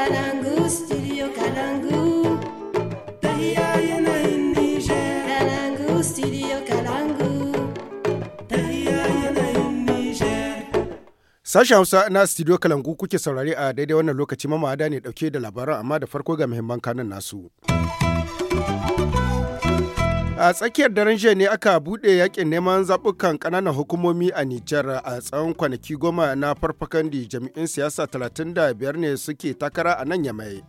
Kalangu, studio Kalangu. Tahiya yanayin Nijar. Kalangu, studio Kalangu. Tahiya yanayin Nijar. Sashen Hausa na studio Kalangu kuke saurari a daidai wannan lokaci mamada ne dauke da labaran amma da farko ga mahimman kanan nasu. A tsakiyar daren jiya ne aka bude yakin neman zabukan kananan hukumomi a Nijar a tsawon kwanaki goma na da jami'in siyasa 35 ne suke takara a nan yamai.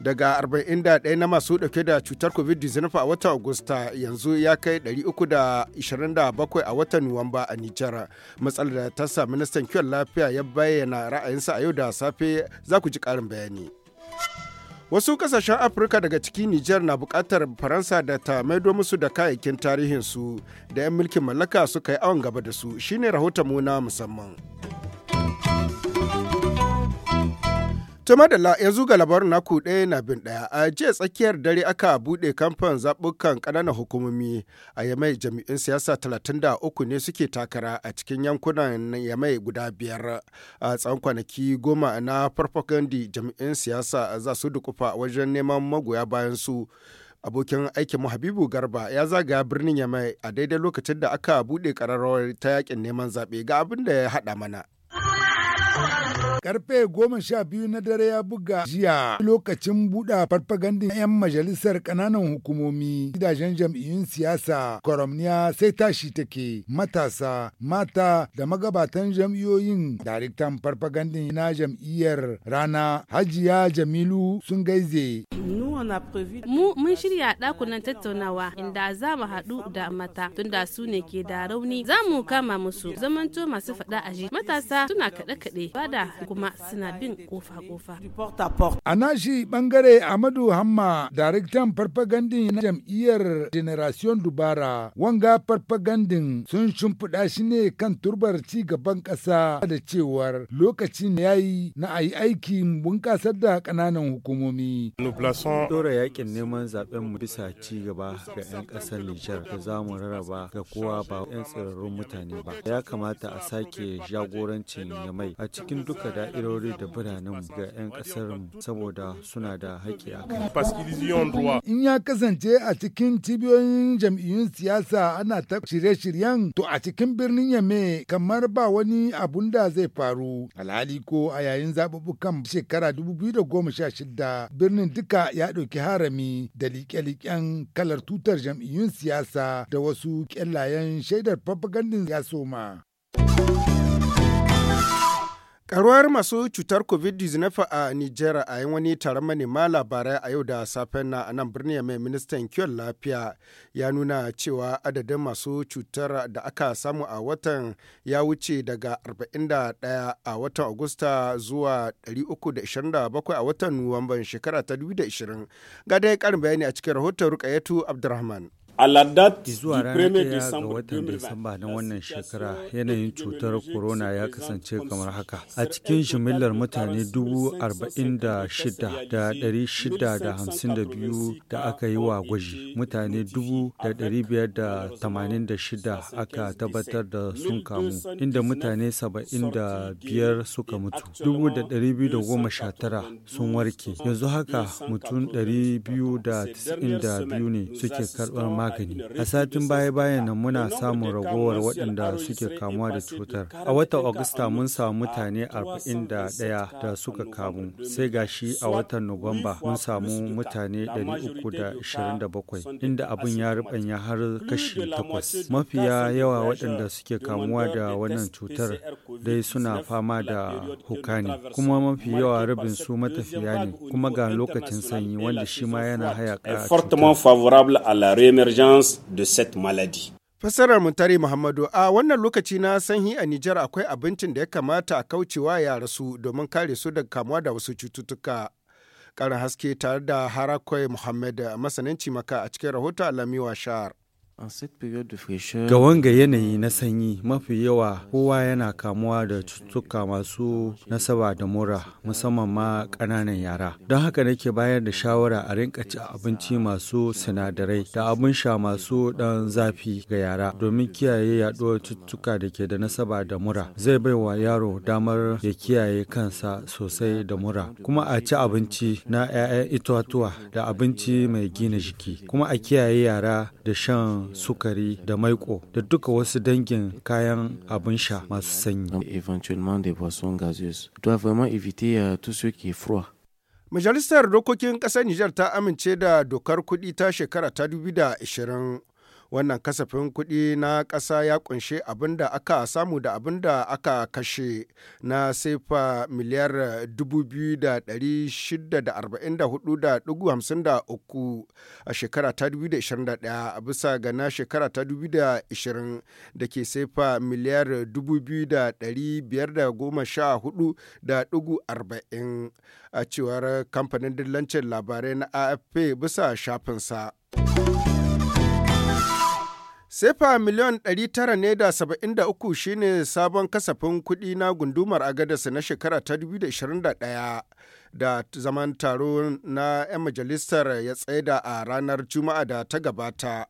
Daga 41 na masu ɗauke da cutar COVID-19 a watan Agusta yanzu ya kai 327 a watan Nuwamba a Nijar. Matsalar da ta sa ministan kiwon lafiya ya bayyana ra'ayinsa a yau da safe za ku ji karin bayani. Wasu kasashen Afirka daga ciki Nijar na bukatar Faransa da ta maido musu da kayayyakin su da 'yan mulkin mallaka suka yi awon gaba da su shine rahoton mu na musamman. To madalla yanzu ga labarin naku ɗaya na bin ɗaya a jiya tsakiyar dare aka buɗe kamfan zaɓukan ƙananan hukumomi a yamai jami'in siyasa talatin da uku ne suke takara a cikin yankunan yamai guda biyar a tsawon kwanaki goma na farfagandi jami'in siyasa za su dukufa wajen neman magoya bayan su. abokin aikin mu habibu garba ya zaga birnin yamai a daidai lokacin da aka buɗe ƙararrawar ta yakin neman zaɓe ga abin da ya haɗa mana. Karfe goma sha biyu na dare ya buga jiya lokacin buɗa farfagandin 'yan majalisar ƙananan hukumomi gidajen jam'iyyun siyasa koromniya sai tashi take matasa mata da magabatan jam'iyyoyin daraktan farfagandin na jam'iyyar rana hajiya jamilu sun gaize. Mu mun shirya ɗakunan tattaunawa inda za mu haɗu da mata tunda su ne ke da rauni za mu kama musu zamanto masu faɗa a ji. matasa suna kaɗe-kaɗe bada kuma suna bin kofa-kofa. A nashi ɓangare Amadu Hamma daraktan farfagandin na jam'iyyar Generation Dubara wanga farfagandin sun shimfiɗa shi ne kan turbar ci gaban ƙasa da cewar lokacin ya yi na a yi aikin bunƙasar da ƙananan hukumomi. Nous plaçons Dora yakin neman zaben mu bisa ci gaba ga 'yan ƙasar Nijar da za mu rarraba ga kowa ba 'yan tsirarrun mutane ba. Ya kamata a sake jagorancin yamai a cikin duka da'irori da biranen ga 'yan ƙasar mu saboda suna da haƙƙi a kai. In ya kasance a cikin cibiyoyin jam'iyyun siyasa ana ta shirye-shiryen to a cikin birnin Yame kamar ba wani abun da zai faru. Alhali ko a yayin zaɓuɓɓukan shekara 2016 birnin duka ya ɗauki harami da liƙe-liƙen kalar tutar jam'iyyun siyasa da wasu ƙyallayen shaidar farfagandin ya soma. Karuwar masu cutar COVID-19 a Nijar a yin wani taron manema labarai a yau da safen na nan birnin mai ministan kiwon lafiya ya nuna cewa adadin masu cutar da aka samu a watan ya wuce daga 41 a watan Agusta zuwa 327 a watan Nuwamban shekara ta 2020. Ga dai karin bayani a cikin rahoton Rukayatu Abdurrahman. zuwa ranar ɗaya ga watan Disamba na wannan shekara yanayin cutar corona ya kasance kamar haka. A cikin jimillar mutane 46,652 da aka yi wa gwaji, mutane 586 aka tabbatar da sun kamu, inda mutane 75 suka mutu. 219 sun warke. Yanzu haka mutum 292 ne suke karɓar magani. A satin baya-bayan nan muna samun ragowar waɗanda suke kamuwa da cutar. A watan Agusta mun samu mutane 41 da suka kamu, sai gashi a watan Nuwamba mun samu mutane 327 inda abin ya rubanya har kashi takwas. Mafiya yawa waɗanda suke kamuwa da wannan cutar dai suna fama da huka ne, kuma mafi yawa rabin su matafiya ne, kuma ga lokacin sanyi wanda shi ma yana haya ƙarfi l'émergence de cette maladie. Fassarar Muntari Muhammadu a wannan lokaci na sanyi a Nijar akwai abincin da ya kamata a kaucewa ya rasu domin kare su daga kamuwa da wasu cututtuka. Karin haske tare da Harakwai Muhammad masanin cimaka a cikin rahoton Alamiwa Shahar. Ga wanga yanayi na sanyi mafi yawa kowa yana kamuwa da cututtuka masu nasaba da mura musamman ma ƙananan yara. Don haka nake bayar da shawara a rinka ci abinci masu sinadarai da abin sha masu ɗan zafi ga yara domin kiyaye yaɗuwar cututtuka da ke da nasaba da mura. Zai bai wa yaro damar ya kiyaye kansa sosai da mura. Kuma a ci abinci na 'ya'yan itatuwa da abinci mai gina jiki. Kuma a kiyaye yara da shan sukari da maiko da duka wasu dangin kayan abin sha masu sanyi. Euh, Majalisar Dokokin Ƙasar Nijar ta amince da dokar kuɗi ta shekara ta 2020 wannan kasafin kuɗi na ƙasa ya kunshe abin da aka samu da abin da aka kashe na sefa miliyar 2,644.53 a shekara ta 2021 bisa ga na shekara ta 2020 da ke sefa miliyar 2,514.40 a cewar kamfanin dillancin labarai na afp bisa shafinsa. Sefa miliyon 973 shine sabon kasafin kuɗi na gundumar Agadas na shekara ta 2021 da zaman taro na 'yan majalisar ya tsaida a ranar Juma'a da ta gabata.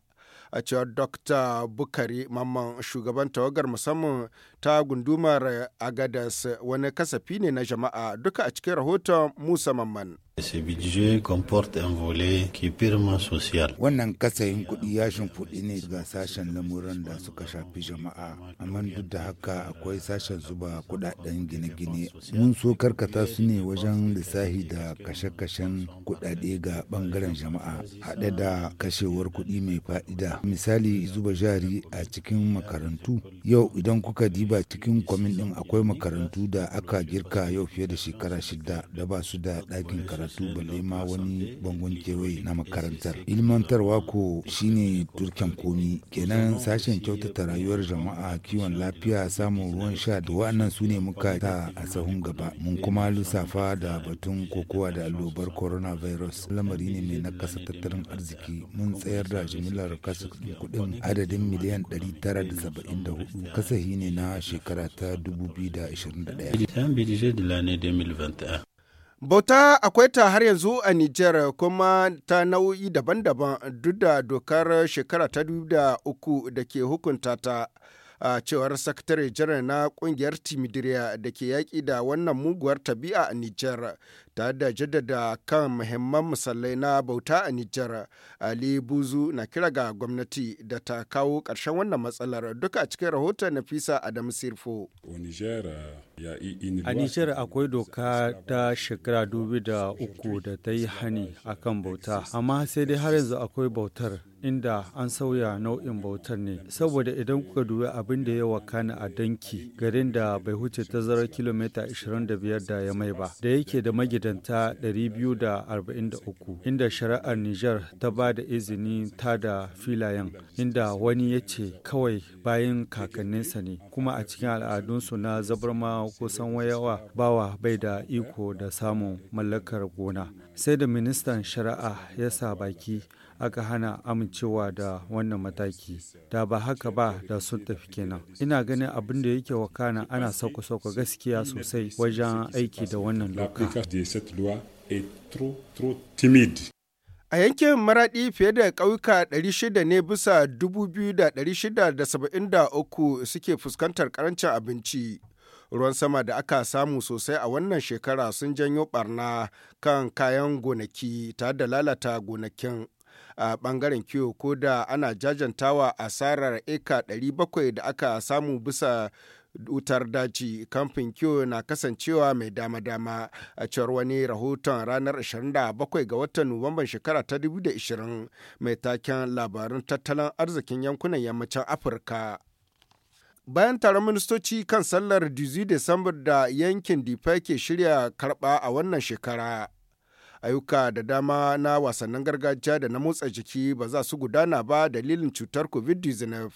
a cewar dr bukari mamman shugaban tawagar musamman ta gundumar Agadas wani kasafi ne na jama'a duka a cikin rahoton Musa Mamman. Ce budget comporte un volet qui purement social. Wannan kasayin kuɗi ya shimfiɗi ne ga sashen lamuran da suka shafi jama'a, amma duk da haka akwai sashen zuba kuɗaɗen gine-gine. Mun so karkata su ne wajen lissahi da kashe-kashen kuɗaɗe ga bangaren jama'a, haɗe da kashewar kuɗi mai fa'ida. Misali zuba jari a cikin makarantu. Yau idan kuka diba a cikin kwamin din akwai makarantu da aka girka yau fiye da shekara shida da ba su da ɗakin karatu balle ma wani bangon kewaye na makarantar ilmantarwa ko shine turken komi kenan sashen kyautata rayuwar jama'a kiwon lafiya samun ruwan sha da wa'annan su ne muka ta a sahun gaba mun kuma lissafa da batun kokowa da allobar coronavirus lamari ne mai nakasa tattalin arziki mun tsayar da jimillar kasa kudin adadin miliyan 974 kasahi ne na shekara ta 2021. Bauta akwai ta har yanzu a Nijar kuma ta nau'i daban-daban duk da dokar shekara ta 2003 da ke hukunta ta. a cewar sakatare jiran na kungiyar timidiriya da ke yaƙi da wannan muguwar tabi'a a Nijar ta da jaddada kan muhimman misalai na bauta a Nijar. Ali Buzu na kira ga gwamnati da ta kawo ƙarshen wannan matsalar duka a cikin rahoton Nafisa Adamu Sirfo. A Nijar akwai doka ta shekara dubi da uku da ta yi hani akan bauta, amma sai dai har yanzu akwai bautar inda an sauya nau'in bautar ne saboda idan kuka dubi abin da ya wakana a danki garin da bai huce tazarar kilomita 25 da ya mai ba da yake da magidanta 243 inda shari'ar Nijar ta ba da izini ta da filayen inda wani ya ce kawai bayan kakanninsa ne kuma a cikin al'adunsu na zabarma kusan wayawa bawa bai da iko da samun mallakar gona sai da ministan shari'a ya sa baki aka hana amincewa da wannan mataki da ba haka ba da sun tafi kenan ina ganin abin da yake wakana ana sauka sauka gaskiya sosai wajen aiki da wannan doka a yankin maradi fiye da ƙauyuka 600 ne bisa 2,673 suke fuskantar karancin abinci ruwan sama da aka samu sosai a wannan shekara sun janyo barna kan kayan gonaki tare da lalata gonakin a bangaren kiwo ko da ana jajantawa asarar eka 700 da aka samu bisa wutar daji kamfin kiwo na kasancewa mai dama-dama a cewar wani rahoton ranar 27 ga watan nuwamban shekara ta 2020 mai taken labarin tattalin arzikin yankunan yammacin afirka bayan taron ministoci kan sallar dizi Desambar da yankin difa ke shirya karba a wannan shekara ayyuka da dama na wasannin gargajiya da na motsa jiki ba za su gudana ba dalilin cutar covid-19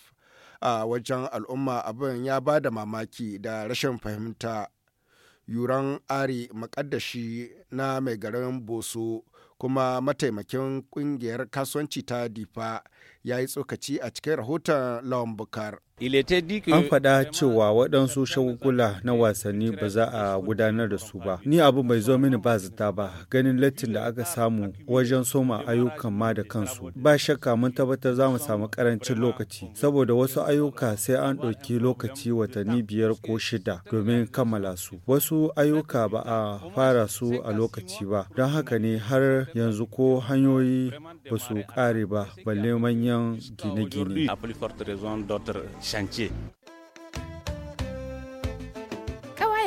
a wajen al'umma abin ya ba da mamaki da rashin fahimta yuran ari makaddashi na mai garin boso kuma mataimakin kungiyar kasuwanci ta difa ya yi tsokaci a cikin rahoton Lawan Bukar. An faɗa cewa waɗansu shagugula na wasanni ba za a gudanar da su ba. Ni abu bai zo mini ba zata ba, ganin lattin da aka samu wajen soma ayyukan ma da kansu. Ba shakka mun tabbatar za mu samu ƙarancin lokaci, saboda wasu ayyuka sai an ɗauki lokaci watanni biyar ko shida domin kammala su. Wasu ayyuka ba a fara su a lokaci ba, don haka ne har yanzu ko hanyoyi ba su ƙare ba, balle manyan gine-gine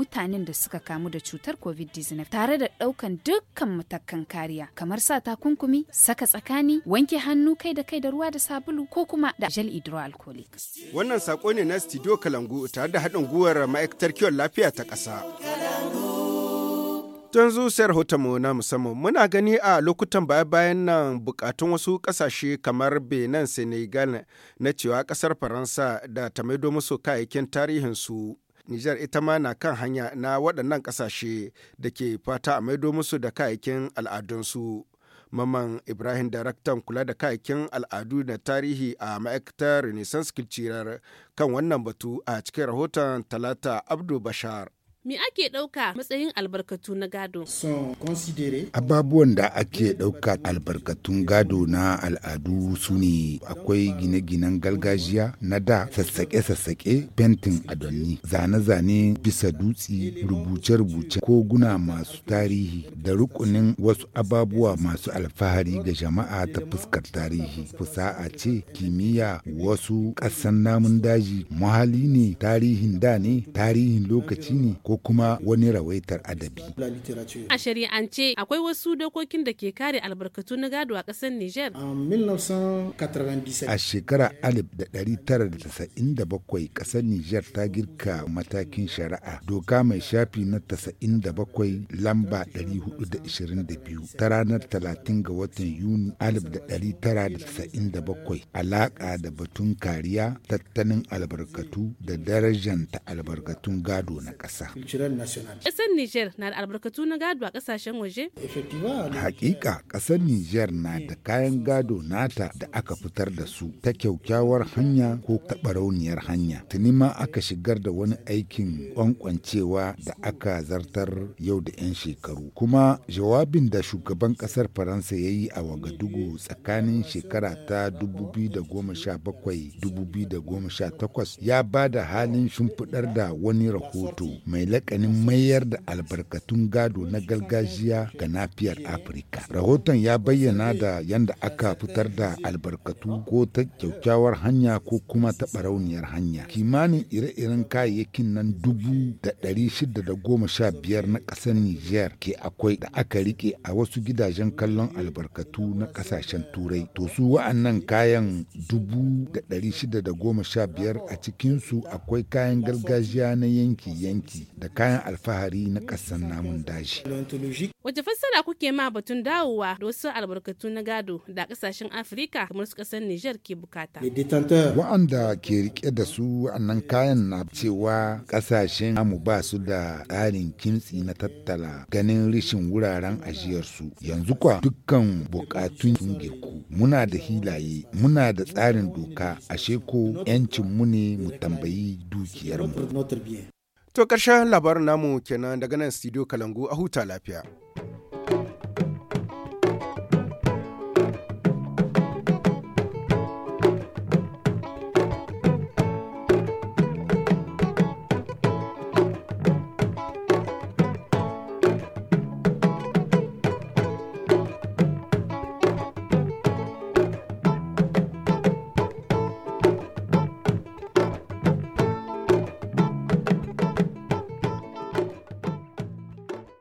mutanen da suka kamu da cutar covid-19 tare da ɗaukan dukkan matakan kariya kamar sa takunkumi saka tsakani wanke hannu kai da kai da ruwa da sabulu ko kuma da gel hydroalcoholic wannan sako ne na studio kalangu tare da haɗin gwiwar ma'aikatar kiwon lafiya ta ƙasa Don zuciyar hotonmu na musamman muna gani a lokutan baya-bayan nan bukatun wasu kasashe kamar Benin Senegal na cewa kasar Faransa da ta maido musu kayayyakin tarihinsu. Nijar ita ma na kan hanya na waɗannan ƙasashe da ke fata a maido musu da kayayyakin al'adunsu. Maman Ibrahim daraktan kula da kayakin al'adu da tarihi a ma'aikatar Renaissance Cultural kan wannan batu a cikin rahoton Talata Abdu Bashar. Me ake ɗauka matsayin albarkatu na gado? Ababuwan da ake ɗauka albarkatun gado na al'adu su ne akwai gine-ginen gargajiya na da sassaƙe-sassaƙe fentin adonni, zane-zane bisa dutse, rubuce-rubuce, koguna masu tarihi da rukunin wasu ababuwa masu alfahari ga jama'a ta fuskar tarihi. a ce, kimiyya, wasu ƙasan namun daji, muhalli ne, tarihin da ne, tarihin lokaci ne, ko kuma wani rawaitar adabi. A shari'ance akwai wasu dokokin da ke kare albarkatu na gado a ƙasar Nijar. A shekara 1997 ƙasar Nijar ta girka matakin shari'a doka mai shafi na 97 lamba 422 ta ranar 30 ga watan Yuni 1997 alaƙa da batun kariya tattalin albarkatu da darajanta albarkatun gado na ƙasa. culturel national. Ƙasar Niger na da albarkatu na gado a ƙasashen waje? Hakika ƙasar Niger na da kayan gado nata da aka fitar da su ta kyaukyawar hanya ko taɓarauniyar hanya. Tuni ma aka shigar da wani aikin kwankwancewa da aka zartar yau da 'yan shekaru. Kuma jawabin da shugaban ƙasar Faransa ya yi a Wagadugu tsakanin shekara ta 2017-2018 ya ba da halin shimfiɗar da wani rahoto mai lakanin mayar da albarkatun gado na gargajiya ga nafiyar Afirka. Rahoton ya bayyana da yadda aka fitar da albarkatu ko ta kyaukyawar hanya ko kuma ta barauniyar hanya. Kimanin ire-iren kayayyakin nan dubu da ɗari shida da goma sha biyar na ƙasar Nijar ke akwai da aka rike a wasu gidajen kallon albarkatu na ƙasashen Turai. To su wa'annan kayan dubu da ɗari shida da goma sha biyar a cikinsu akwai kayan gargajiya na yanki-yanki da kayan alfahari na kasan namun daji. Wace fassara kuke ma batun dawowa da wasu albarkatu na gado da kasashen Afirka kamar su kasar Nijar ke bukata? Wa'anda ke rike da su annan kayan na cewa kasashen namu ba su da tsarin kintsi na tattala ganin rishin wuraren ajiyarsu. Yanzu kwa dukkan bukatun sun girku. Muna da hilaye, muna da tsarin doka, ashe ko mu ne mu tambayi dukiyarmu. To ƙarshen labarin namu kenan daga nan studio Kalangu a huta lafiya.